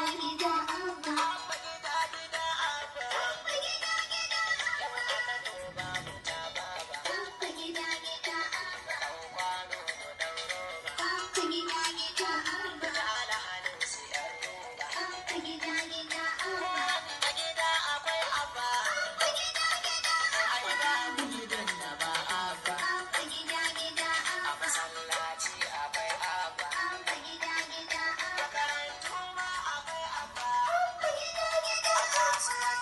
you.